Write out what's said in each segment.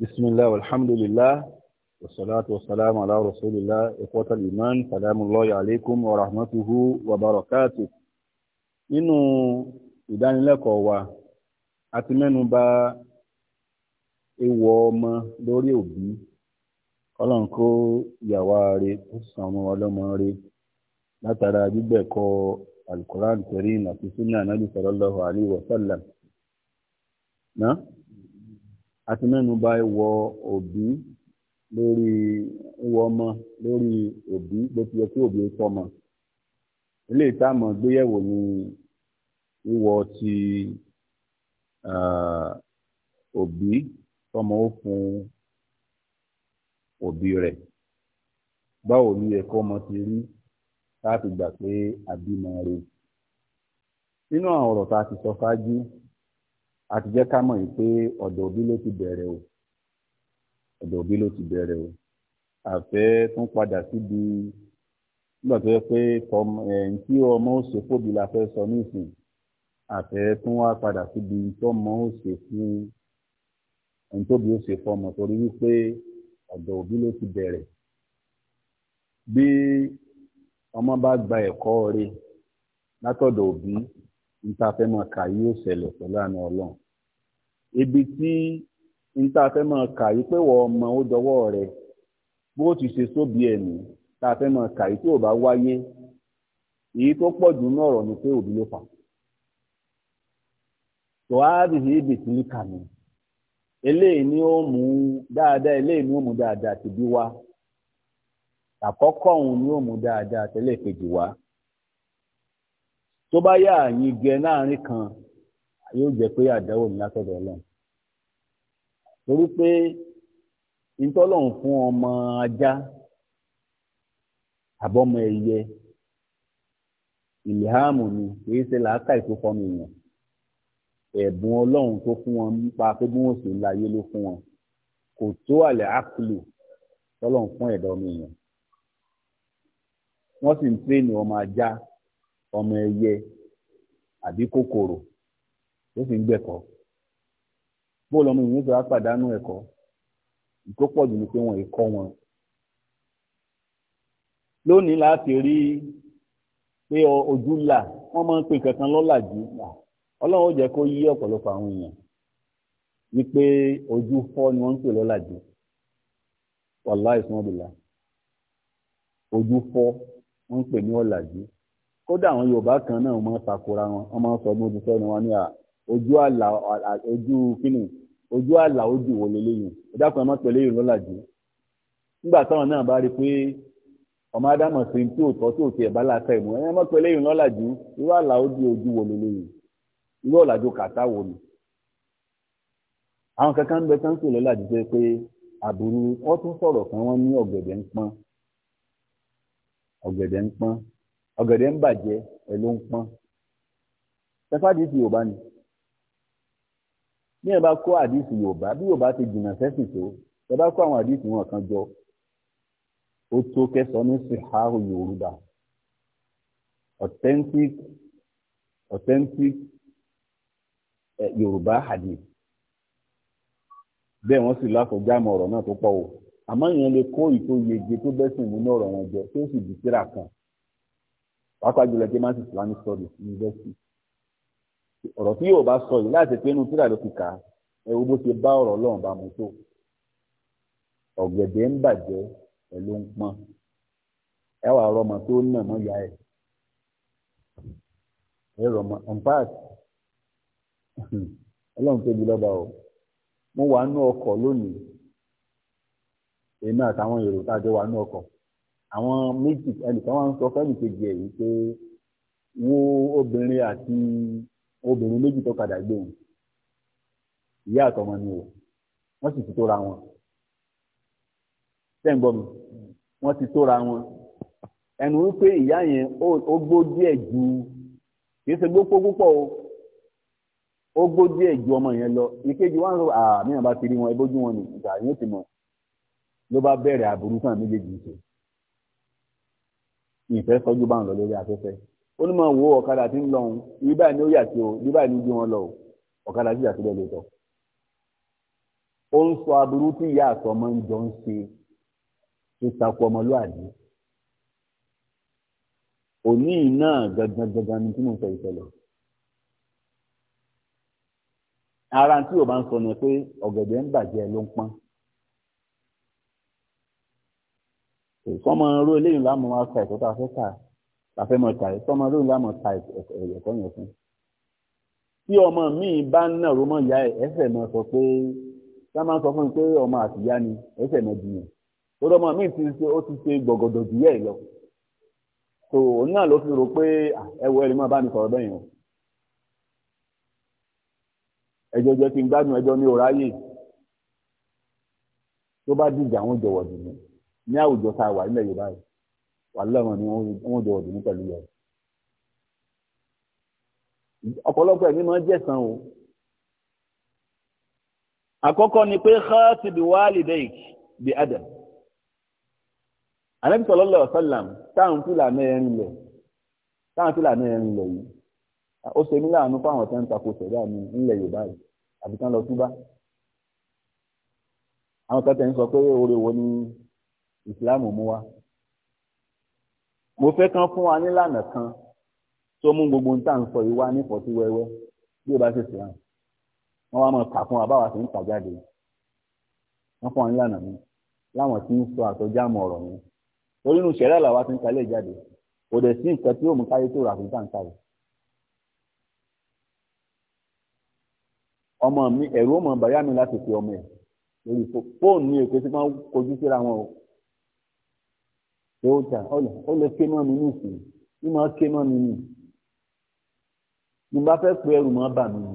بسم الله والحمد لله والصلاة والسلام على رسول الله إخوة الإيمان سلام الله عليكم ورحمته وبركاته nínú ìdánilẹ́kọ̀ọ́ wa a ti mẹ́nu bà èèwọ̀ ọmọ lórí òbí ọlọ́run kó ìyàwó rẹ̀ kó san ọmọ ọlọ́mọ rẹ̀ látara gbígbẹ̀kọ́ alukoran karim àti sunna anabi sallallahu alayhi wa sallam náà àti mẹ́nu bà ìwọ òbí lórí ìwọ ọmọ lórí òbí bó ti yẹ kí òbí tọ́mọ ilé ìtààmú gbéyẹ̀wò ni ìwọ ti òbí tọ́mọ ó fún òbí rẹ̀ báwo ni ẹ̀kọ́ ọmọ ti rí láti gbà pé àbímọ rẹ̀ nínú àwọn ọ̀rọ̀ tá a ti sọ ṣáájú àti jẹ́ ká mọ̀ yìí pé ọ̀dọ̀ òbí ló ti bẹ̀rẹ̀ o ọ̀dọ̀ òbí ló ti bẹ̀rẹ̀ o àfẹ́ tún padà síbi nígbà tó yẹ pé ẹ̀yìn tí ọmọ ó ṣe fóbi la fẹ́ sọ nísìn àfẹ́ tún wá padà síbi tí ọmọ ó ṣe fún ẹni tóbi ó ṣe fọmọ torí wípé ọ̀dọ̀ òbí ló ti bẹ̀rẹ̀ bí ọmọ bá gba ẹ̀kọ́ rẹ̀ látọ̀dọ̀ òbí níta fẹ́ máa kà yí ó ṣẹlẹ̀ pẹ̀lú àna ọlọ́run ibi tí níta fẹ́ máa kà yí pé wọ́n ọmọ ó dọwọ́ rẹ bó ti ṣe sóbi ẹ̀mí tá a fẹ́ yí tí ò bá wáyé èyí tó pọ̀ jù ní ọ̀rọ̀ ni pé òbí ló ibi ni ó mú dáadáa ni ó mú dáadáa wá àkọ́kọ́ òun ni ó mú dáadáa kejì wá tó bá yà yín gẹ láàrin kan yóò jẹ́ pé àdáwò ní látọ̀dọ̀ ọlọ́run torí pé ìtọ́lọ́run fún ọmọ ajá àbọ̀mọ ẹyẹ ìlíhàmù ni kìí ṣe làákàì tó fọmọ èèyàn ẹ̀bùn ọlọ́run tó fún wọn nípa pé bí wọ́n ṣe láyé ló fún wọn kò tó àlẹ́ àkùlù tọ́lọ́run fún ẹ̀dọ́ ọmọ èèyàn wọ́n sì ń tẹ́ẹ̀nì ọmọ ajá ọmọ ẹyẹ àbí kòkòrò tó fi ń gbẹ̀kọ́ bó lọmọ ìyẹn tó pàdánù ẹ̀kọ́ tó jù ní pé wọn wọn. lónìí láti rí pé ojú là wọn máa ń pè kankan lọ́làjú ọlọ́run ó jẹ́ kó yí àwọn èèyàn ojú ni ń pè ojú ń pè ní kódà àwọn yorùbá kan náà wọ́n máa ń wọn wọ́n máa ń sọ lójú wọn ní ojú àlà ojú kínní ojú àlà ojú wò lélẹ́yìn ẹ̀dá kan yìí lọ́làjú nígbà táwọn náà bá rí pé ọmọ sí tí ò tọ́ tí ò bá láta àlà ojú ojú irú kàtá wò ni àwọn kankan ń bẹ sáńsì pé àbúrú tún ní ń ọ̀gẹ̀dẹ̀ ń bàjẹ́ ẹ̀ ló ń pọ́n sẹ́fàdì ti yorùbá ni bí ẹ bá kó àdìsí yorùbá bí yorùbá ti jìnnà sẹ́sìn tó ẹ bá kó àwọn àdìsí wọn kan jọ ó tó kẹsàn ní sìháàrù yorùbá authentic authentic eh, yorùbá hadith bẹ́ẹ̀ wọ́n sì lákòójámọ̀ ọ̀rọ̀ náà tó pọ̀ o àmọ́ ìyẹn lè kó ìtòyege tó bẹ́sìn nínú ọ̀rọ̀ wọn jẹ tó sì dìtìrà kan pàápàá jùlọ jẹ́ mass islamic studies university ọ̀rọ̀ tí yóò bá sọ yìí láti pé inú tíra ló ti kà á ẹ wo bó ṣe bá ọ̀rọ̀ ọlọ́run bá mu tó ọ̀gẹ̀dẹ̀ ń bàjẹ́ ẹ ló ń pọ́n ẹ wà rọmọ tó nà mọ́ ya ẹ̀ ẹ rọmọ unpack ọlọ́run tóbi lọ́ba o mo wà nú ọkọ̀ lónìí èmi àtàwọn èrò tá a jọ wà nú ọkọ̀ àwọn méjì ẹnìkan wá ń sọ fẹ́ẹ̀nì kejì ẹ̀ wípé wo obìnrin àti obìnrin méjì tó kadà gbé òun ìyá àtọmọ ni o wọ́n sì ti tóra wọn ṣé ń gbọ́ mi wọ́n ti tóra wọn ẹnu wípé ìyá yẹn ó gbó díẹ̀ ju kì í ṣe gbó púpọ̀ o ó gbó díẹ̀ ju ọmọ yẹn lọ ìkejì wọn rò àmì àbá ti rí wọn ẹbójú wọn ni ìgbà yóò ti mọ ló bá bẹ̀rẹ̀ àbúrú fún àmì méjèèjì ṣe ìfẹ́ sọ́jú bá ń lọ lórí afẹ́fẹ́ ó ní máa wo ọ̀kadà tí ń lọ òun ibi báyìí ni ó yà sí o ibi báyìí ni ó gbé wọn lọ o ọ̀kadà sì yà sí lẹ́gbẹ̀ẹ́ tọ̀ ó ń sọ aburú tí ìyá àtọmọ ń jọ ń ṣe ìtakò ọmọlúwàdí òní náà gangan gangan ni kí mo sọ ìṣẹ̀lẹ̀ ara tí o bá ń sọ ni pé ọ̀gẹ̀dẹ̀ ń bàjẹ́ ló ń pọ́n. sọmọ ro eléyìí lámọ wá ka ẹ̀kọ́ tá a fẹ́ kà tá a fẹ́ mọ̀ ta ẹ̀ sọmọ ro lámọ ta ẹ̀kọ́ yẹn fún. tí ọmọ mi bá ń nàró mọ́ ìyá ẹ̀ ẹ̀fẹ̀ mọ̀ sọ pé tá a máa sọ fún mi pé ọmọ àtìyá ni ẹ̀fẹ̀ mọ̀ jìyàn lórí ọmọ mi ti ṣe ó ti ṣe gbọ̀gọ̀dọ̀ jù yẹ́ ẹ̀ lọ. tó òun náà ló fi rò pé ẹ wọ ẹni máa bá mi sọ̀rọ̀ bẹ́ẹ̀ o. ẹjọ́ ní àwùjọ tá a wà nílẹ̀ Yorùbá yìí wà lọ́wọ́ ni wọ́n jọ ọ̀dùnú pẹ̀lú yẹn. ọ̀pọ̀lọpọ̀ ẹ̀mí máa ń jẹ̀sán o. àkọ́kọ́ ni pé khatibi walidayk bi adam. Ànábì sallallahu alaihi wasallam táwọn fúlà mẹ́rin lẹ̀ táwọn fúlà mẹ́rin lẹ̀ yìí ó ṣe mí láàánú fáwọn tó ń takò sẹ̀dá mi nílẹ̀ Yorùbá yìí àbí lọ túbá. àwọn kan ń sọ pé oore wo ni ìsìláàmù mú wa mo fẹ́ kán fún wa nílànà kan tó mú gbogbo nta ń sọ yìí wá ní pọ̀tí wẹ́wẹ́ bí ó bá ṣe sìláàmù wọ́n wá máa kà fún wa báwa sì ń kà jáde wọ́n fún wa nílànà mi láwọn tí ń sọ àtọ́jáàmù ọ̀rọ̀ mi torí inú ṣẹ̀rẹ́ àlàwà ti ń kalẹ̀ jáde kò dẹ̀ sí nǹkan tí yóò mú káyé tó rà fún táǹkà yìí. ọmọ mi ẹ̀rù ọmọ bàyá mi láti fi ọmọ ẹ̀ fóònù mi ò pé tí wọ́n kojú síra wọn o yóò jà ọlẹ ọlẹ ké mọ mi nìsín ní máa ké mọ mi nì ní bá fẹ́ pé ẹrù máa bà mí nì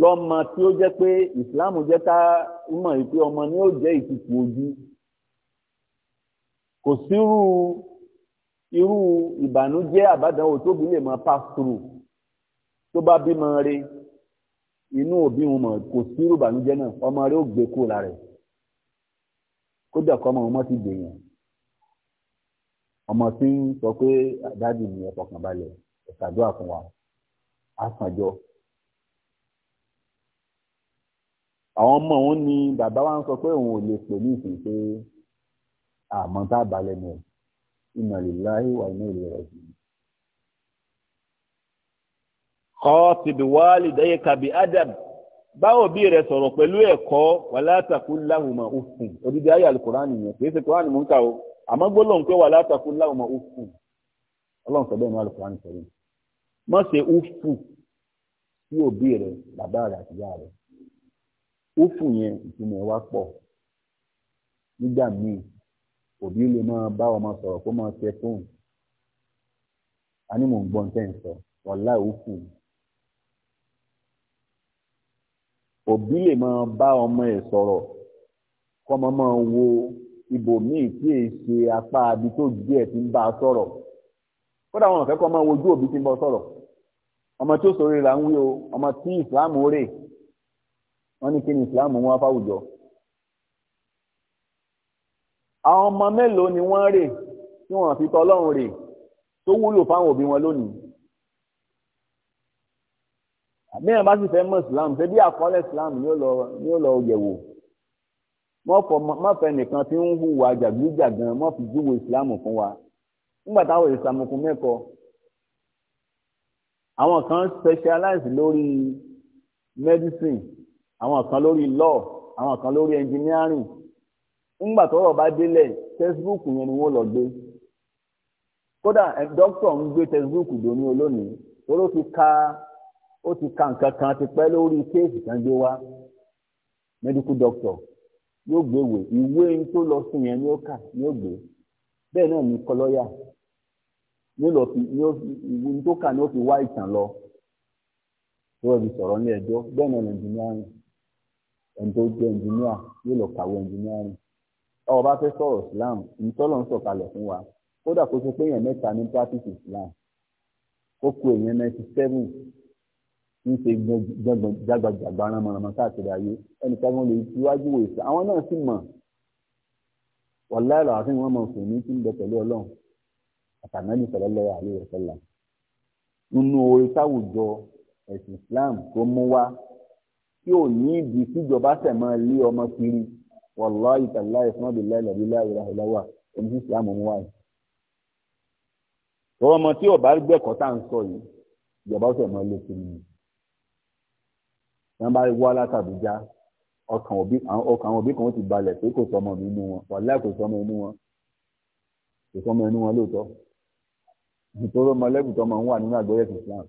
lọ́mọ tí ó jẹ́ pé ìsìláàmù jẹ́ ká mọ̀ pé ọmọ ni ó jẹ́ ìtìkù ojú kò sírú irú ìbànújẹ́ àbádánwò tóbi lè máa pass through tó bá bímọ rẹ̀ inú òbí wọn mọ̀ kò sírú ìbànújẹ́ náà ọmọ rẹ̀ ó gbé kúrò lára ẹ̀ kódà kọ́ ọmọ ọmọ ti dèèyàn ọmọ tí ń sọ pé dáàbì mi ẹ fọkàn balẹ̀ ẹ ṣàdúrà fún wa á sànjọ. àwọn ọmọ òun ni bàbá wa ń sọ pé òun ò lè pè ní ìsìn pé àmọ́ tá a bá lẹ́nu ẹ̀ inna lillahi wa inna ilaihi raji'un. kọ́ ti bí wàá dẹ́yẹ kàbí ádàbì báwo bí rẹ sọ̀rọ̀ pẹ̀lú ẹ̀kọ́ wàlá àtàkùn láhùnmá òfin odidi ayé alukóraani yẹn kì í ṣe kóraani mò ń kà o àmọ́ gbólóhùn pé wàlá àtàkùn láhùnmá òfin ọlọ́run sọ bẹ́ẹ̀ ní alukóraani sọ̀rọ̀ má ṣe òfin sí òbí rẹ bàbá rẹ àti ìyá rẹ òfin yẹn ìtumọ̀ wa pọ̀ nígbà míì òbí lè máa bá ọmọ sọ̀rọ̀ kó máa ṣe fóun a ní mò ń gbọ́ nǹkan ìsọ òfin òbí lè máa bá ọmọ ẹ̀ sọ̀rọ̀ kọ́mọ máa wo ibòmíì tí èyí ṣe apá abi tó gbé ẹ̀ ti ń bá a sọ̀rọ̀ kódà wọn fẹ́ kọ́ máa wojú òbí tí ń bọ́ sọ̀rọ̀ ọmọ tí ó sọ rírà ń wí o ọmọ tí ìsìláàmù rè wọ́n ní kí ni ìsìláàmù wọn fáwùjọ. àwọn ọmọ mélòó ni wọ́n rè tí wọ́n fi tọ́ ọlọ́run rè tó wúlò fáwọn òbí wọn lónìí àbẹ́yẹn bá sì fẹ́ mọ̀ islam ṣe bí àkọọ́lẹ̀ islam ni ó lọ ni ó lọ yẹ̀wò mọ́fẹ́ nìkan tí ń hùwà jàgídíjàgan mọ́fi júwe islam fún wa nígbà táwọn ìsàmùkún mẹ́kọ̀ọ́ àwọn kan specialize lórí medicine àwọn kan lórí law àwọn kan lórí engineering nígbà tọ́rọ̀ bá délẹ̀ textbook yẹn ni wọ́n lọ gbé kódà dókítà ń gbé textbook dòní olónìí ó ló fi ka ó ti ka nǹkan kan ti pẹ́ lórí kéèsì kan gbé wá medical doctor yóò gbé wè ìwé ń tó lọ sí yẹn ni ó kà ni ó gbé bẹ́ẹ̀ náà ní kọlọ́yà ni ó lọ fi ni ó ìwé tó kà ni ó fi wá ìtàn lọ tó ẹbí sọ̀rọ̀ ní ẹjọ́ bẹ́ẹ̀ náà ní ẹnjìníàrìn ẹni tó jẹ́ ẹnjìníà yóò lọ kàwé ẹnjìníàrìn ọ̀ bá fẹ́ sọ̀rọ̀ Islam ìtọ́lọ̀ ń sọ̀kalẹ̀ fún wa kódà kó ṣe pé èèyàn mẹ́ta ní practice Islam ó ku èèyàn ninety seven ń ṣe jágbajàgba ránmọ̀ránmọ̀ káàkiri ayé ẹnìkan wọn lè tiwájú wò ìsìn àwọn náà sì mọ̀ wàláì làwọn àti wọn mọ̀ fún mi tí ń bẹ pẹ̀lú ọlọ́run àtànábì sallallahu alaihi wasallam nínú orí táwùjọ ẹ̀sìn Islam tó mú wá tí ò ní ibi tíjọba sẹ̀mọ́ lé ọmọ kiri wàláì tàláì fún ọ̀bìlá ìlàbí láìláìláwà omi sí Islam mú wá yìí. tọ́wọ́ ọmọ tí ọba ń sọ wọ́n bá wá látàbújá ọkàn àwọn òbí kan ti balẹ̀ pé kò sọmọ mi inú wọn wàláì kò sọmọ inú wọn kò sọmọ inú wọn lóòótọ́ nítorí ọmọlẹ́bùn tó máa ń wà nínú àgbẹ̀yẹ̀ Islam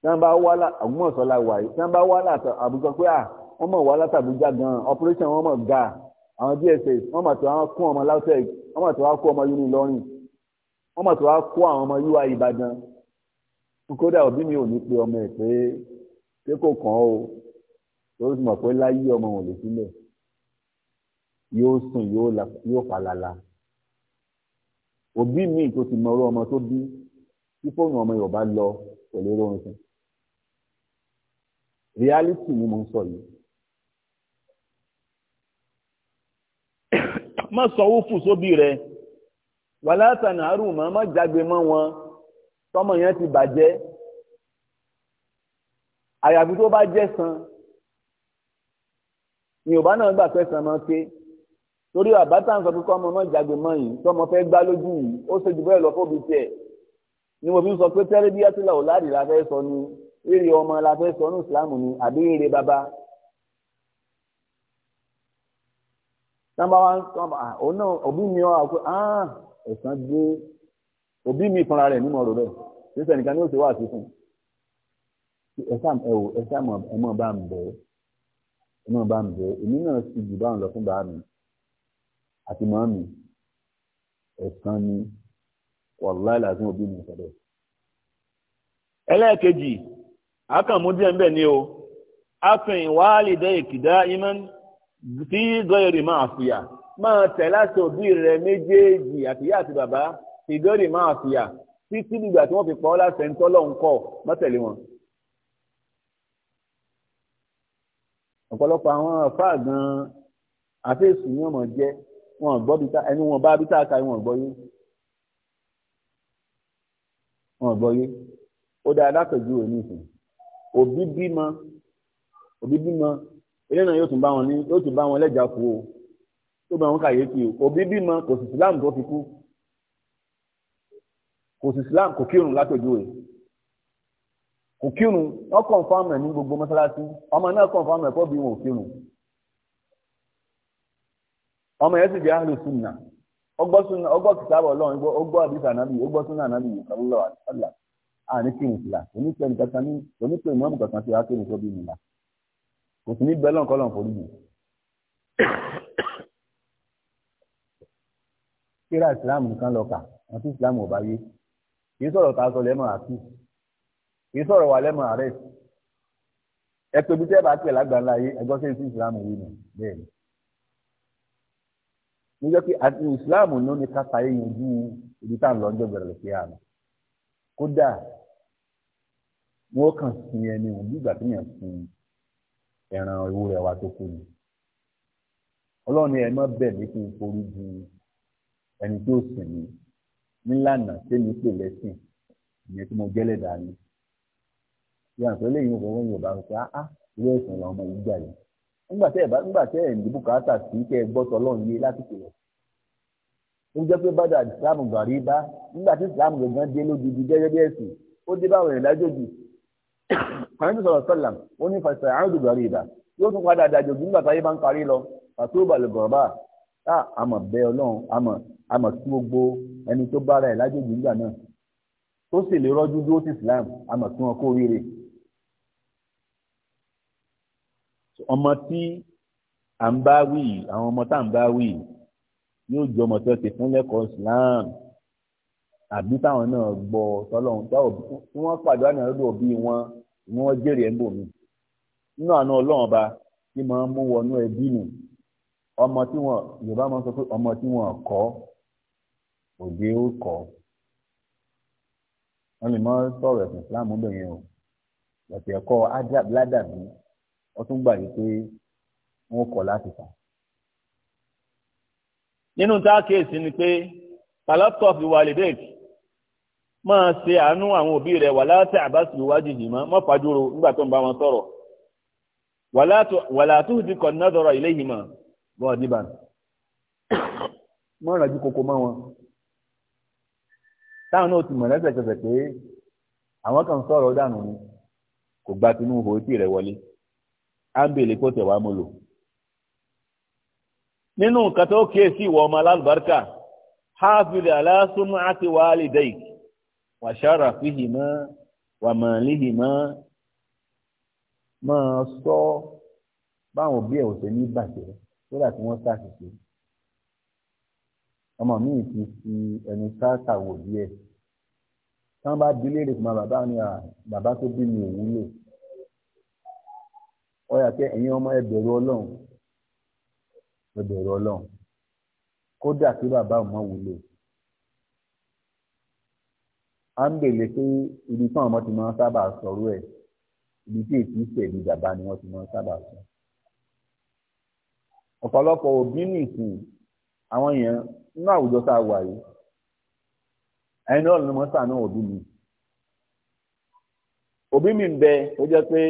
tí wọ́n bá wá àgùnmọ̀sọ́lá wà yìí tí wọ́n bá wá àbújọ pé à ah, wọ́n mọ̀ wá látàbújá gan-an operation wọ́n mọ̀ ga àwọn DSS wọ́n mọ̀ tó wá kún ọmọ LAUTECH wọ́n mọ̀ tó wá kún ọmọ Unilọrin wọ́n mọ̀ tó wá kún àwọn ọmọ UI Ìbàdàn kódà òbí mi ò ní pe ọmọ ẹ̀ pé pé kò kàn ó lórí ti mọ̀ pé láyé ọmọ wọn lè sílẹ̀ yóò sùn yóò falala òbí míì tó ti mọ ọ̀rọ̀ ọmọ tó bí tí fóònù ọmọ yorùbá lọ pẹ̀lú oorun sùn reality ni mo ń sọ yìí. má sanwó fún sóbì rẹ wàlá tànàárù mọ́ má jágbe mọ́ wọn tọmọ yẹn ti bàjẹ́ àyàfi tó bá jẹ́ san yorùbá náà gbà fẹ́ san máa ké torí bàbá tá à ń sọ pé kọ́ ọmọ náà jágbe mọ́ yìí tọ́mọ fẹ́ gbá lójú yìí ó ṣe jù bẹ́ẹ̀ lọ fóbi tiẹ̀ ni mo fi ń sọ pé tẹ́rẹ́díyàtìlá ò láàdì la fẹ́ sọ ni èrè ọmọ la fẹ́ sọ ní ìsìlámù ni àbí èrè bàbá. tábàwá òun náà òbí mi ọ àpò ẹ̀sán dé òbí mi fúnra rẹ̀ nímọ̀ rò rẹ̀ ṣé sẹ́nìkan ni ó ṣe wá ẹ̀sàm ẹ̀wò ẹ̀sàm ẹ̀mọ́ bá ń bẹ̀ ẹ̀mọ́ bá ń bẹ̀ èmi náà sì jù bá ń lọ fún bàá mi àti màámi ẹ̀sán ni wàláì làásùn òbí mi sọ̀rọ̀. ẹlẹ́ẹ̀kejì akànmú díẹ̀ ń bẹ̀ ni o afin wàálìdẹ́ ìkìdá imán tí gọ́yẹ̀rì máa fìyà máa tẹ̀ láti òbí rẹ̀ méjèèjì àtìyá àti bàbá ìgọ́yẹ̀rì máa fìyà títí dìgbà tí wọ́n fi pa ọ́ láti lọ́nkọ́ mọ́tẹ̀lé wọn. ọ̀pọ̀lọpọ̀ àwọn àfáà gan-an àfẹ́sù ni ọmọ jẹ́ wọn gbọ́ bí tá ẹni wọn bá bí tá a ka wọn gbọ́ yé wọn gbọ́ yé ó dáa látọ̀jú òní ìsìn òbí bímọ òbí bímọ eré náà yóò tún bá wọn ní yóò tún bá wọn lẹ́jà kú o tó bá wọn kàyéfì o òbí bímọ kò sì síláàmù tó fi kú kò sì síláàmù kò kírun látọ̀jú òní kò kírun wọn kọ̀ǹfàmù ẹ̀ ní gbogbo mọ́sálásí ọmọ náà kọ̀ǹfàmù ẹ̀ kọ́ bí wọn ò kírun ọmọ yẹn sì jẹ́ àlù sunna ọgbọ́ sunna ọgbọ́ kìtàbọ̀ ọlọ́run ọgbọ́ àdìsá nàbì ọgbọ́ sunna nàbì sallallahu alaihi a àní kírun fìlà onípẹ̀lú kankan ní onípẹ̀lú mọ́mù kankan ti wá kírun tó bí nìlá kò sí ní bẹ́lọ̀ kọ́lọ̀ fòlù yìí. kíra ìsìlámù nìkan lọ kà àti ìsìlámù ọ̀bá yé kì í sọ̀rọ̀ ká sọ lẹ́mọ̀ àti kì í sọ̀rọ̀ wà lẹ́nu ààrẹ ẹ pé bí tẹ́ bá pè lágbàlá yé ẹgbọ́n sí ìsìlámù yìí nù bẹ́ẹ̀ ni. mo jẹ́ pé àti ìsìlámù ló ní kápá yé yanjú ibi tá à ń lọ ọjọ́ bẹ̀rẹ̀ sí àná kódà wọ́n kàn sin ẹni òun bí ìgbà tó yàn sin ẹran ewu rẹ̀ wá tó kú ni ọlọ́run ni ẹ má bẹ̀ mí kí n forí ju ẹni tó sìn mí nílànà tẹ́mi pè lẹ́sìn ìyẹn tí mo gẹ́lẹ̀ dání yàtọ̀ pé lẹ́yìn òkú wọn yóò bá wípé áá ilé ẹ̀sìn làwọn ọmọ yìí gbà yìí nígbà tẹ́ ẹ̀ bá nígbà tẹ́ ẹ̀ ń dìbò káàtà sí kẹ́ ẹ gbọ́ tọ́lọ́run yé láti kìlọ̀ ó jẹ́ pé bàdà ìsìlámù gàrí bá nígbà tí ìsìlámù gangan dé lójijì gẹ́gẹ́ bí ẹ̀sìn ó dé báwọn èèyàn lájòjì kàmínú sọ̀rọ̀ sọ́là ó ní fàṣẹ àrùn gàrí ìdá yóò tún padà dàjò nígbà táyé bá ń parí lọ pàtó balùbọ̀rọ̀bà tá àmọ̀ bẹ ọlọ́run àmọ̀ àmọ̀ tí gbogbo ẹni tó bára ẹ̀ lájòjì nígbà náà tó sì lè rọ́jú dúró sí ìsìlámù àmọ̀ tí wọn kó ríire ọmọ tí à ń bá wì àwọn ọmọ tá à ń bá wì yóò jọ ọmọ tó ti fún lẹ́kọ̀ọ́ Islam àbí táwọn náà gbọ́ tọ́lọ́hún táwọn tí wọ́n pàdé àná lọ́dọ̀ òbí wọn ni wọ́n jèrè ẹ̀ ń bò mí nínú àná ọlọ́run ọba tí máa ń mú wọnú ẹbí nù ọmọ tí wọn Yorùbá máa ń sọ pé ọmọ tí wọn kọ́ òde ó kọ́ wọn lè máa sọ̀rọ̀ ẹ̀sìn Islam bẹ̀yẹn o lọ́sẹ̀ ẹ̀kọ́ ládàbí wọ́n tún gbà yìí pé wọ́n kọ̀ láti tà. nínú tá a kíyèsí ni pé tàlọ́tọ̀ fi wà lédèkì máa ṣe àánú àwọn òbí rẹ̀ wà láti àbáṣe ìwádìí yìí mọ́ mọ́ fàdúró nígbà tó ń bá wọn sọ̀rọ̀ wà látú ti kọ̀ ní ọ̀dọ̀rọ̀ ilé yìí mọ́ bọ́ ọ̀dìbà mọ́ ràjú kókó mọ́ wọn táwọn náà ti mọ̀ lẹ́sẹ̀kẹsẹ̀ pé àwọn kan sọ̀rọ̀ dànù ni kò gba tinú ihò etí rẹ̀ wọlé ábèlè kó tẹ̀ wá mú lò nínú nǹkan tó kíyè sí ìwọ ọmọ alálùbáríkà hábìlì aláṣùmọ́ àti wàhálì dẹ́yìk wàṣára fìhìmọ́ wàmọ̀lìhìmọ́ máa sọ báwọn òbí ẹ̀ ò ṣe ní bàjẹ́ kódà tí wọ́n ṣàṣìṣe ọmọ mi ti fi ẹnu sáàtà wò díẹ̀ tí wọ́n bá dilé rè fún bàbá ni bàbá tó bí mi ò wúlò ó yà pé ẹ̀yin ọmọ ẹ bẹ̀rù ọlọ́run ẹ bẹ̀rù ọlọ́run kódà kí bàbá ọmọ wúlò à ń bèèrè pé ibi tí àwọn ọmọ ti máa ń sábà sọ̀rọ̀ ẹ̀ ibi tí èsì ìṣẹ̀lú bàbá ni wọ́n ti máa ń sábà sọ. ọ̀pọ̀lọpọ̀ òbí nìsín àwọn èèyàn nínú àwùjọ tá a wà yìí ẹni náà ló mọ sànú òbí mi òbí mi ń bẹ ó jẹ́ pé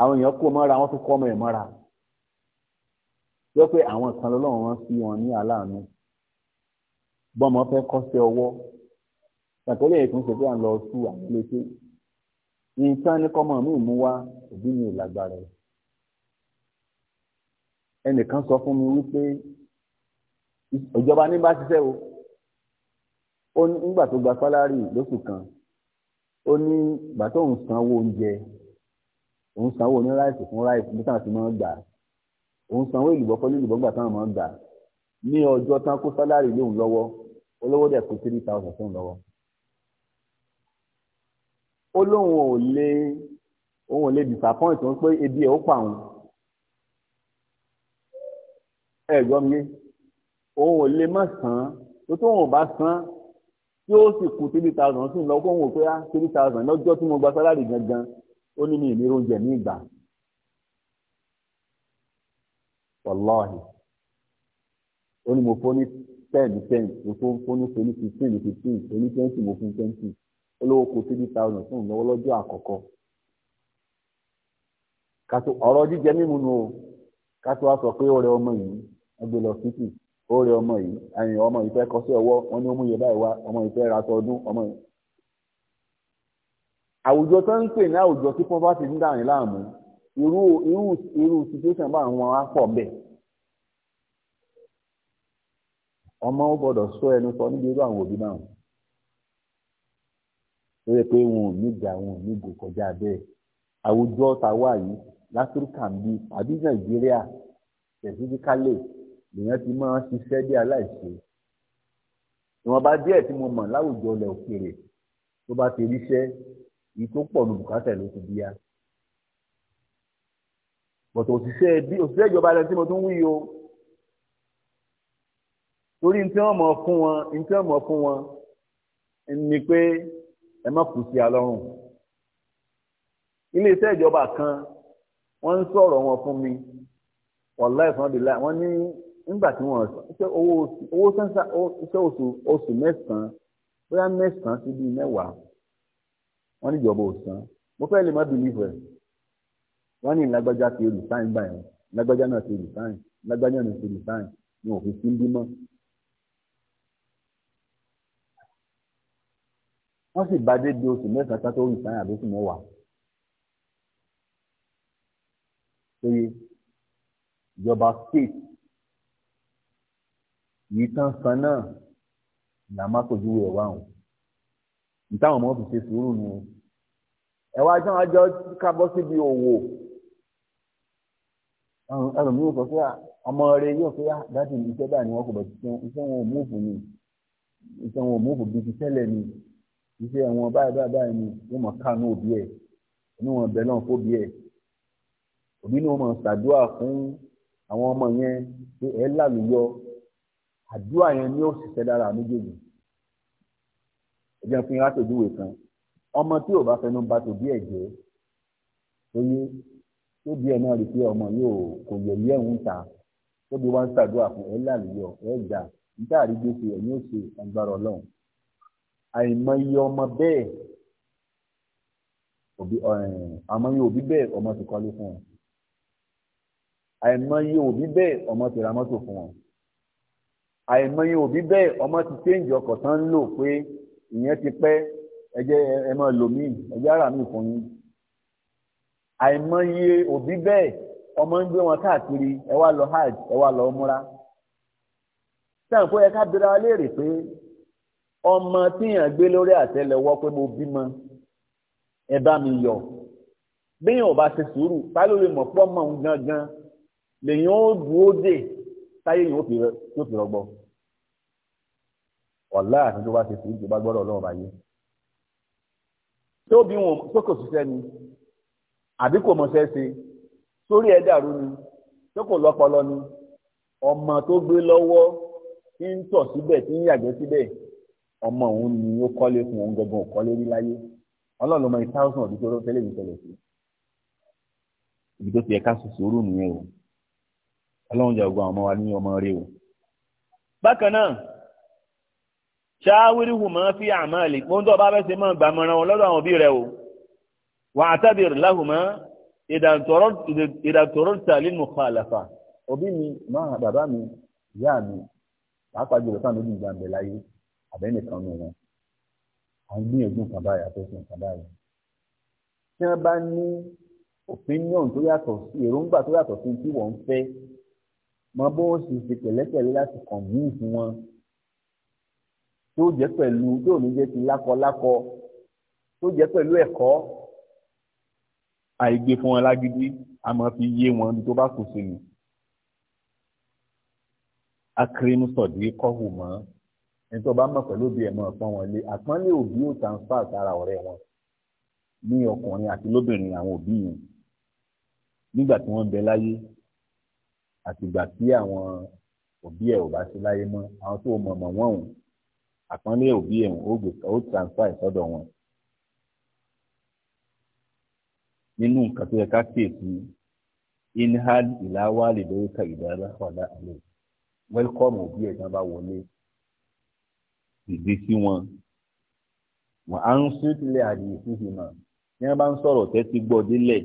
àwọn èèyàn kó mọ́ra wọ́n tún kọ́ ọmọ ẹ̀ mọ́ra yọ pé àwọn kan lọ́lọ́run wọn sí wọn ní aláàánú bọ́mọ fẹ́ kọ́sẹ́ ọwọ́ yàtọ̀ lẹ́yìn tó ń ṣe pé à ń lọ sú àgbélẹ́sẹ̀ nǹkan ní kọ́mọ mi mú wá òbí mi lágbára ẹ̀ ẹnìkan sọ fún mi wípé ìjọba ní bá ṣiṣẹ́ o ó nígbà tó gba sálárì lóṣù kan ó ní ìgbà tó ń sanwó oúnjẹ òun sanwó ní ráìsì fún ráìsì bí táwọn ti máa ń gbà òun sanwó ìlúbọ fún ìlúbọ gbà táwọn máa ń gbà ní ọjọ́ tán kó sálárì lóun lọ́wọ́ olówó dẹ̀ kó three thousand fún un lọ́wọ́ ó lóun ò lè òun ò lè disappoint òun pé ebi ẹ̀ ó pa òun ẹ gbọ́ mi òun ò lè má san tó tó òun ò bá san tí ó sì kú three thousand sí i lọ́wọ́ kó òun ò pé á ah, three thousand lọ́jọ́ tí mo gba sálárì gangan ó ní ní ìlera oúnjẹ ní ìgbà wàláhì ó ní mo fún ní ten ten mo ní fún ní fifteen ní fifteen fún ní twenty mo fún twenty olówó kó three thousand fún ìnáwó lọ́jọ́ àkọ́kọ́ kàtó ọ̀rọ̀ jíjẹ mímu nù o sọ pé ó rẹ ọmọ yìí lọ ó rẹ ọmọ yìí ọmọ yìí fẹ́ sí ọwọ́ ra ọmọ àwùjọ tó ń pè ní àwùjọ tí poverty ń dà ní láàmú irú irú irú situation bá àwọn á pọ̀ bẹ́ẹ̀ ọmọ ó gbọ́dọ̀ sọ ẹnu sọ níbi irú àwọn òbí náà ó yẹ pé wọn ò ní ìgbà wọn ò ní ìgbò kọjá bẹ́ẹ̀ àwùjọ tá a wà yìí láfíríkà ń bí àbí nàìjíríà tẹsífíkálẹ lèèyàn ti máa ń ṣiṣẹ́ bí aláìṣe ìwọ̀nba díẹ̀ tí mo mọ̀ láwùjọ ilẹ̀ òkèèrè tó bá ti ríṣẹ́ èyí tó pọ̀ ní bùkátà ló ti bí ya bọ̀tọ̀ òṣìṣẹ́ bí òṣìṣẹ́ ìjọba rẹ tí mo tún wí o torí ní tí wọ́n mọ̀ fún wọn ní tí wọ́n mọ̀ fún wọn ni pé ẹ má kù sí alọ́rùn iléeṣẹ́ ìjọba kan wọ́n ń sọ̀rọ̀ wọn fún mi wàláì fúnadìlá wọ́n ní nígbà tí wọ́n ṣe owó owó iṣẹ́ oṣù mẹ́sàn-án bóyá mẹ́sàn-án sí bíi mẹ́wàá wọ́n ní ìjọba òsán mo fẹ́ lè má bìlíìfù ẹ̀ wọ́n ní ìlágbájá ti olùsáyìn báyìí lágbájá náà ti olùsáyìn lágbájá náà ti olùsáyìn ni òfin ti ń bímọ. wọ́n sì bá dé di oṣù mẹ́sàn-án ká tó olùsáyìn àbóṣù mẹ́wàá. pé ìjọba state yìí tán san náà là má kojú ẹ̀ wá hàn. ìtàwọn ọmọ fi ṣe sùúrù nù ẹ̀wá tí wọ́n jọ kábọ́ síbi òwò ẹlòmíràn sọ pé ah, ọmọ rẹ yóò pé ah, dáàdì iṣẹ́ báyìí ni wọ́n kò bẹ̀ iṣẹ́ wọn ò múùfù ni iṣẹ́ wọn ò múùfù bíi ti tẹ́lẹ̀ ni iṣẹ́ wọn báyìí báyìí báyìí ni wọ́n mọ̀ kánú òbí ẹ̀ inú wọn bẹ̀ náà fóbi ẹ̀ òbí ni wọ́n mọ̀ ṣàdúrà fún àwọn ọmọ yẹn pé ẹ̀ lálùyọ àdúrà yẹn ni ó ṣiṣẹ́ dára méjèèjì ẹ̀jẹ̀ fún yín ọmọ tí ò bá fẹnu ba tòbí ẹ̀ jẹ́ oyé tóbi ẹ̀ náà rí pé ọmọ yóò kò yẹ yẹ ń ta tóbi wá ń ṣàdúrà fún ẹ lálùyọ ẹ gbà níta àrígbé ṣe ẹ̀ ní òṣè agbára ọlọ́run àìmọye ọmọ bẹ́ẹ̀ òbí àmọye òbí bẹ́ẹ̀ ọmọ ti kọ́lé fún wọn àìmọye òbí bẹ́ẹ̀ ọmọ ti ra mọ́tò fún wọn àìmọye òbí bẹ́ẹ̀ ọmọ ti ṣéǹjì ọkọ̀ tán ń lò pé ìyẹn ti pẹ́ ẹ jẹ́ ẹ máa lò mí ẹ jẹ́ ara mi fún yín àìmọye òbí bẹ́ẹ̀ ọmọ ń gbé wọn káàkiri ẹ wá lọ hajj ẹ wá lọ múra sáà kó yẹ ká bira wa léèrè pé ọmọ tíyàn gbé lórí àtẹ́lẹwọ́ pé mo bímọ ẹ bá mi yọ̀ bíyàn ò bá ṣe sùúrù pálọ̀ lè mọ̀ pọ́ mọ̀ ń gangan lèyìn ó dúró dè táyé yìí ó fi rọgbọ ọ̀la àti tó bá ṣe sùúrù tó bá gbọ́dọ̀ ọlọ́run bá yẹ. tó bí wọn sókò ṣiṣẹ́ ni àbí kò mọṣẹ́ ṣe sórí ẹ̀ ni tó kò ni ọmọ tó gbé lọwọ tí ń tọ̀ síbẹ̀ tí ń yàgbẹ́ síbẹ̀ ọmọ òun ni ó fún òun ò rí láyé ọmọ tó sí ibi tó ti o Ọlọrun wa ní ọmọ rẹ o bákan ṣáwíríhù máa fi àmàlì gbóńdó ọba bẹ́ẹ̀ ṣe máa gbàmọ̀ràn wọn lọ́dọ̀ àwọn òbí rẹ o wà á tábìr láhùmá ìdàtọ̀rọ̀ tàlí nùkọ́ àlàfà òbí mi máa bàbá mi ìyá mi pàápàá jùlọ sáà méjì ìgbà ńbẹ láyé àbẹ́nìkan nù wọn à ń gbìyànjú nǹkan báyà tó ṣe nǹkan báyà tí wọ́n bá ní opinion tó yàtọ̀ sí èròǹgbà tó yàtọ̀ sí tí wọ́n ń fẹ́ mọ bó ń ṣe ṣe pẹ̀lẹ́pẹ̀lẹ́ láti kàn mí fún wọn tó jẹ́ pẹ̀lú tó ní jẹ́ ti lákọlákọ tó jẹ́ pẹ̀lú ẹ̀kọ́ àìgbé fún wọn lágídí a máa fi yé wọn ní tó bá kù sí ni akérèmú sọ̀dí kọ́hù mọ́ ẹni tó bá mọ̀ pẹ̀lú òbí ẹ̀ mọ̀ pọ́n wọn lé àpọ́nlé òbí ò tàǹfà sára ọ̀rẹ́ wọn ní ọkùnrin àti lóbìnrin àwọn òbí yẹn nígbà tí wọ́n bẹ láyé àtìgbà tí àwọn òbí ẹ̀ ò bá sí láyé mọ́ àwọn tó mọ̀ mọ̀ wọ́n òun àpọ́nlé òbí ẹ̀ ó gbé ó transfer ìsọ́dọ̀ wọn. nínú nǹkan tó yẹ ká kíyèsí inhal ìláwá lè lórí ka ìdára ọ̀la àlè wẹ́lkọ́mù òbí ẹ̀ tí wọ́n bá wọlé ìdí sí wọn. wọ́n á ń sùtìlẹ̀ àdìyẹ síbi mọ̀ ní wọ́n bá ń sọ̀rọ̀ tẹ́ ti gbọ́ délẹ̀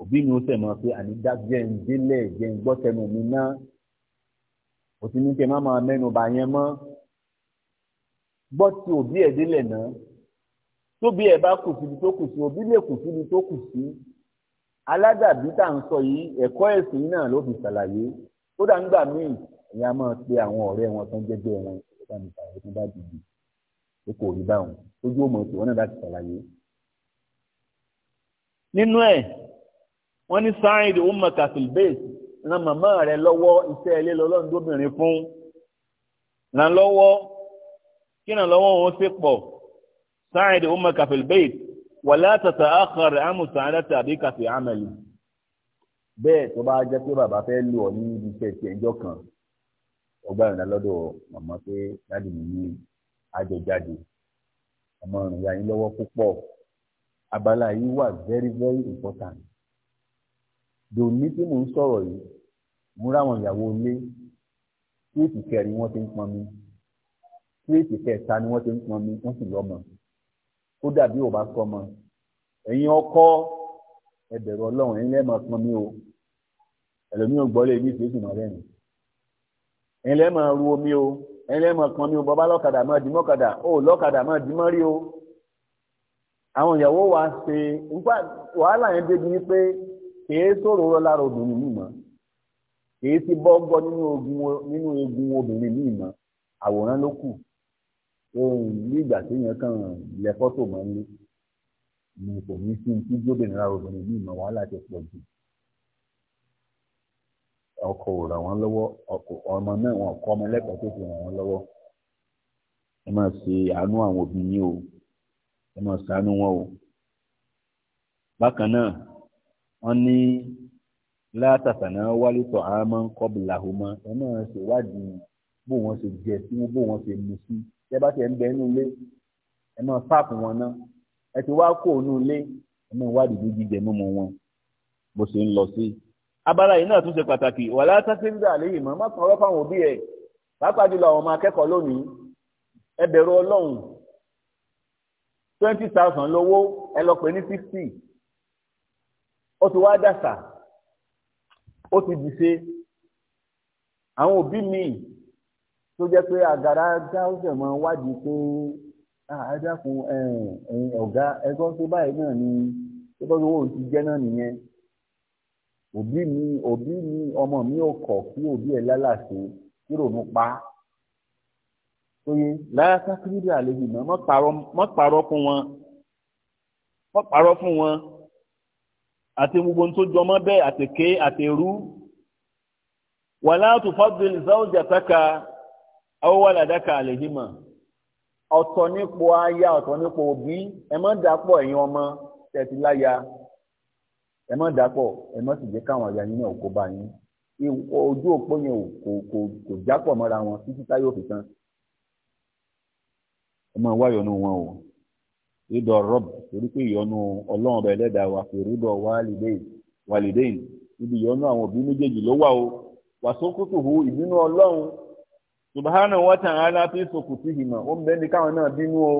òbí mi ó sẹ̀mọ́ pé àní dájẹ́ ń délẹ̀ jẹ́ ń gbọ́ tẹnu mi ná òtún ní kí ẹ má máa mẹ́nu bà yẹn mọ́ gbọ́ tí òbí ẹ̀ délẹ̀ náà tóbi ẹ̀ bá kù síbi tó kù sí òbí lè kù síbi tó kù sí aládàbí tá à ń sọ yìí ẹ̀kọ́ ẹ̀sìn náà ló fi ṣàlàyé kódà ńgbà míì ẹ̀yin a máa pe àwọn ọ̀rẹ́ wọn tán jẹ́jẹ́ wọn ẹ̀ka nípa ẹ̀ka bá dìbò ó kò rí báwọn lójú òmò tiwọn náà láti ṣàlàyé. nínú ẹ̀ wọ́n ní sáyid umar kafilbez ran màmá rẹ̀ lọ́wọ́ iṣẹ́ ilé lọ́lọ́run dóbìnrin fún ran lọ́wọ́ kíran lọ́wọ́ wọn ṣe pọ̀ sáàdì ummaka fil bayt wala tata'akhkhar àmù sàádà tàbí kàfé àmàlì. bẹ́ẹ̀ tó bá jẹ́ pé bàbá fẹ́ lù ọ́ ní ibi iṣẹ́ ti ẹjọ́ kan ọgbà ìrìnà lọ́dọ̀ màmá pé dáàdì mi ní àjọjáde ọmọ ìrìn ya yín lọ́wọ́ púpọ̀ abala yìí wà very very important dòní tí mò ń sọ̀rọ̀ yìí mo ráwọn ìyàwó ilé tí èsì wọn ti ń pọn kíréètì kẹta ni wọ́n ti ń pọn mi wọ́n sì lọ́mọ kódà bí ò bá sọmọ ẹ̀yin ọkọ ẹ bẹ̀rù ọlọ́run ẹ̀yin pọn mi o ẹlòmíì ò gbọ́ lé ní ìfésì náà lẹ́yìn ẹ̀yin lẹ́ẹ̀ máa ru omi o ẹ̀yin lẹ́ẹ̀ máa pọn mi o bàbá lọ́kadà máa dì mọ́kadà ó lọ́kadà máa dì mọ́rí o àwọn ìyàwó wa ṣe nípa wàhálà yẹn débi wípé kìí sọ̀rọ̀ rọ lára obìnrin mi mọ́ kìí ti bọ́ gbọ́ nínú egun obìnrin mi mọ́ àwòrán ló kù ohun ní ìgbà tí yẹn kàn lẹ fọ́tò mọ́ ní ni kò ní sí ní jóbìnrin rárá obìnrin ní ìmọ̀ wàhálà ti pọ̀ jù ọkọ ò ràn wọ́n lọ́wọ́ ọmọ náà wọn kọ́ ọmọ lẹ́kọ̀ọ́ tó fi ràn wọ́n lọ́wọ́ ẹ máa ṣe àánú àwọn òbí yín o ẹ máa ṣàánú wọn o bákan náà wọ́n ní látàtàná wálítọ̀ àmọ́ kọ́bìlà ọmọ ẹ máa ṣèwádìí bó wọ́n ṣe jẹ sí bó wọ́n ṣe mu sí tẹ bá tiẹ̀ ń bẹ nínú ilé ẹ máa sáàpù wọn náà ẹ ti wá kó nínú ilé ẹ máa wá dìbò jíjẹ mímu wọn bó ṣe ń lọ sí. abala yìí náà tún ṣe pàtàkì wàlá tásíńdà lẹ́yìn mọ́ mọ́kàn ọ̀rọ̀ fáwọn òbí ẹ̀ pàápàá jùlọ àwọn ọmọ akẹ́kọ̀ọ́ lónìí ẹ bẹ̀rù ọlọ́run twenty thousand lówó ẹ lọ pè ní fifty ó ti wá dàsà ó ti dìse àwọn òbí míì tó jẹ́ pé àgàrà dáhùsẹ̀ mọ́ wádìí pé àádákun ẹ̀yìn ọ̀gá ẹgbọ́n tó báyìí náà ni tó bá owó ti jẹ́ náà nìyẹn òbí mi òbí mi ọmọ mi ò kọ̀ kí òbí ẹ̀ lálàsì kí ròmù pa oye láyà sákìrìdì àlejò náà mọ́ parọ́ fún wọn mọ́ parọ́ fún wọn àti gbogbo tó jọmọ́ bẹ́ẹ̀ àtẹ̀ké àtẹ̀rú wàlá tó fọ́dún ìzáwójà tákà. aw waladaka alayhima ọ̀tọ̀ nípò aya ọ̀tọ̀ nípò òbí ẹ má dàpọ̀ ẹ̀yin ọmọ tẹ̀sí láya ẹ má dàpọ̀ ẹ sì jẹ́ káwọn aya yín náà kó bá yín ojú òpó yẹn kò jápọ̀ wọn títí táyé òfin tán ẹ máa wáyọ̀ nù wọn o rídọ̀ rọ́b torí pé ọba ẹlẹ́dàá wa fi wàlídẹ́yìn níbi ìyọnu àwọn òbí méjèèjì ló o wàsókòtò ìbínú ọlọ́run subahana wa ta'ala fi sukutihima ó ń bẹ́ẹ̀ ní káwọn náà bínú o.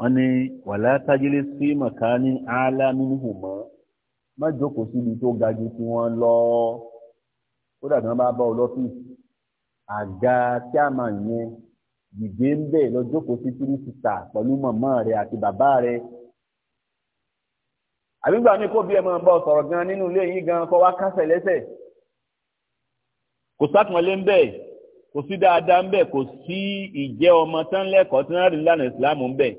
wọ́n ní wàlá tajilé sí màkání àlá nínú mọ́ má jókòó síbi tó ga ju tí wọ́n lọ ó dàbí wọn bá bá ọ lọ́fíìsì àga tí a máa yẹn dìde ń bẹ̀ lọ jókòó sí tírísítà pẹ̀lú màmá rẹ àti bàbá rẹ àbígbà mi kò bí ẹ máa bọ sọ̀rọ̀ gan nínú ilé yìí gan kọ́ wá kásẹ̀ lẹ́sẹ̀ kò sátúnwọlé ń bẹ̀ kò sí dáadáa ń bẹ̀ kò sí ìjẹ́ ọmọ tán lẹ́kọ̀ọ́ tí wọ́n rí lánàá ìsìlámù ń bẹ̀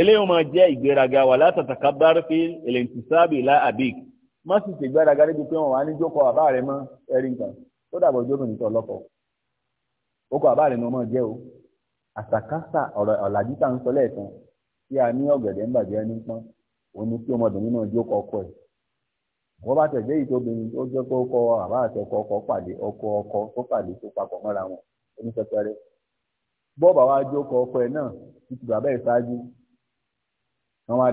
eléyìí máa jẹ́ ìgbéraga wà látàtàkà bárẹ́fẹ́ ẹlẹ́ntìsábì lá àbík má sì ṣe ìgbéraga níbi pé wọn wà ní jókòó àbá rẹ mọ́ ẹ̀rí nǹkan tó dàbọ̀ jókòó nìkan lọ́kọ̀ ó kọ àbá rẹ ni wọ́n máa jẹ́ o àtàkásà ọ̀làjú tá à ń sọ lẹ́ẹ̀kan tí a ní ọ̀gẹ̀dẹ̀ ń bàjẹ́ ní òun ni kí ọmọdé wọ́n bá tẹ̀ jẹ́ ìtòbìnrin ó jẹ́ pé ọkọ àbá àti ọkọ ọkọ pàdé ọkọ ọkọ tó pàdé tó papọ̀ mọ́ra wọn oníṣẹ́pẹ́rẹ́ bọ́ọ̀bà wa jókòó ọkọ ẹ̀ náà títí bàbá ẹ̀ ṣáájú wọ́n wá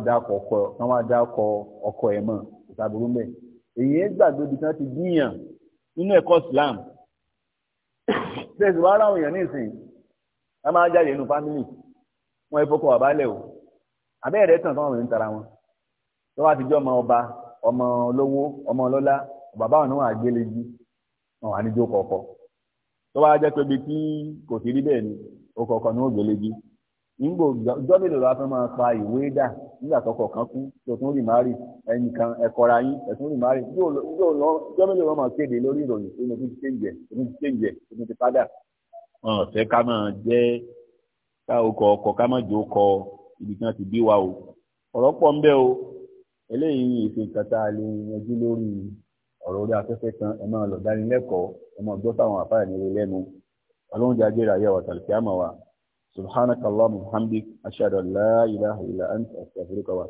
dá ọkọ ọkọ ẹ̀ mọ̀ ìtàbùrú mẹ́ èyí ẹ̀ gbàgbé ibi tí wọ́n ti gbìyàn nínú ẹ̀kọ́ Islam tẹ̀sí wàá ráwọn èèyàn nísìnyí wọ́n máa jáde nínú fámìlì wọ́n ẹ̀ fọkọ̀ wà bálẹ̀ o àbẹ́ẹ̀rẹ̀ tàn fáwọn èèyàn ń tara wọn lọ́wọ́ àtijọ́ ọmọ ọba ọmọ olówó ọmọ ọlọ́lá bàbá ọ̀nà wà gbélégi wọn wà níjó kọ̀ọ̀kọ̀ tó bá jẹ́ pé ibi tí kò sí rí bẹ́ẹ̀ ni ó kọ̀ọ̀kọ̀ ní ògbélégi nígbò jọ́bìlì lọ́wọ́ fẹ́ máa pa ìwé dà nígbà tó kọ̀ọ̀kan kú tó tún rì márì ẹnìkan ẹ̀kọ́ra yín ẹ̀tún rì márì yóò lọ jọ́bìlì lọ́wọ́ máa kéde lórí ìròyìn tó ní ti ṣèǹjẹ̀ tó ní ti ṣèǹjẹ̀ tó ní ti padà wọn fẹ́ ká máa jẹ́ ká o kọ̀ ọkọ̀ ká má jò kọ ibi tí wọ́n ti o ọ̀rọ̀ pọ̀ ń bẹ eléyìí ìfihàn tá a lè yanjú lórí ọ̀rọ̀ orí afẹ́fẹ́ kan ẹ máa lọ dánilẹ́kọ̀ọ́ ẹ máa gbọ́ sáwọn àfáà ní orí lẹ́nu ọlọ́run jáde rà yà wà tàlùkì àmà wa subhanaka allahumma hamdik ashhadu an la ilaha illa anta astaghfiruka wa